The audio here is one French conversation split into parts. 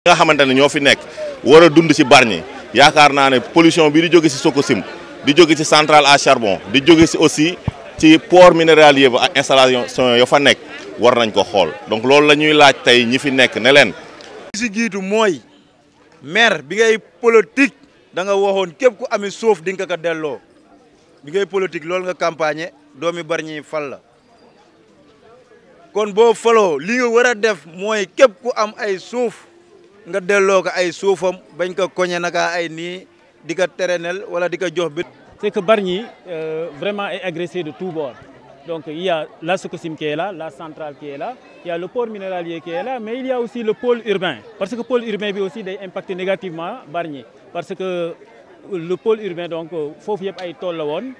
nga xamantene ñoo fi nekk war a dund ci bar ñi yaakaar pollution bi di jóge si sokosim di jóge si central à charbon di jóge si aussi ci port minéral yëpp ak installation yo ya fa nekk war nañ ko xool donc loolu la ñuy laaj tey ñi fi nekk ne leen. si jiitu mooy maire bi ngay politique da nga waxoon képp ku ami suuf di nga ko delloo bi ngay politique loolu nga campagne doomi bar fal la kon boo faloo li nga war def moy, képp ku am ay suuf nga delloo ko ay suufam bañ ko koñe naka ay nii di ko terenel wala di ko jox bit. c' est que bar ñi euh, vraiment est agressé de tout bord donc il y a la Sukosim qui est là la centrale qui est là il y a le port minéralier qui est là mais il y a aussi le pôle urbain parce que pôle urbain bi aussi day impacter négativement bar parce que. le pôle urbain, donc, euh,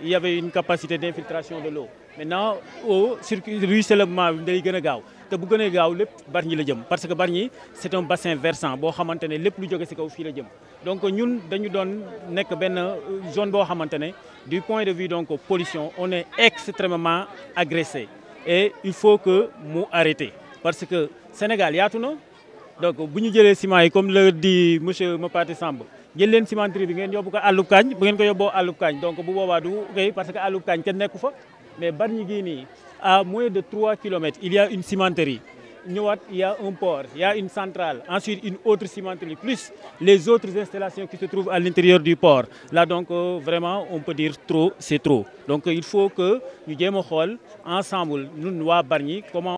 il y avait une capacité d'infiltration de l'eau. Maintenant, au circuit ruissellement, il y a te bu parce que c'est un bassin versant Il y a lu donc nous, dañu doon une euh, zone du point de vue donc pollution on est extrêmement agressé et il faut que nous arrêter parce que Sénégal y a il tout na donc si ñu jëlee comme le dit M. Mapati Samba, jël une cimenterie bi ngeen à ko àllub donc bu du rëy parce que àllub kaañ mais Barnigini, à moins de 3 km, il y a une cimenterie il y a un port il y a une centrale ensuite une autre cimenterie plus les autres installations qui se trouvent à l'intérieur du port là donc euh, vraiment on peut dire trop c'est trop donc il faut que nous nous ensemble nous nous Barni, comment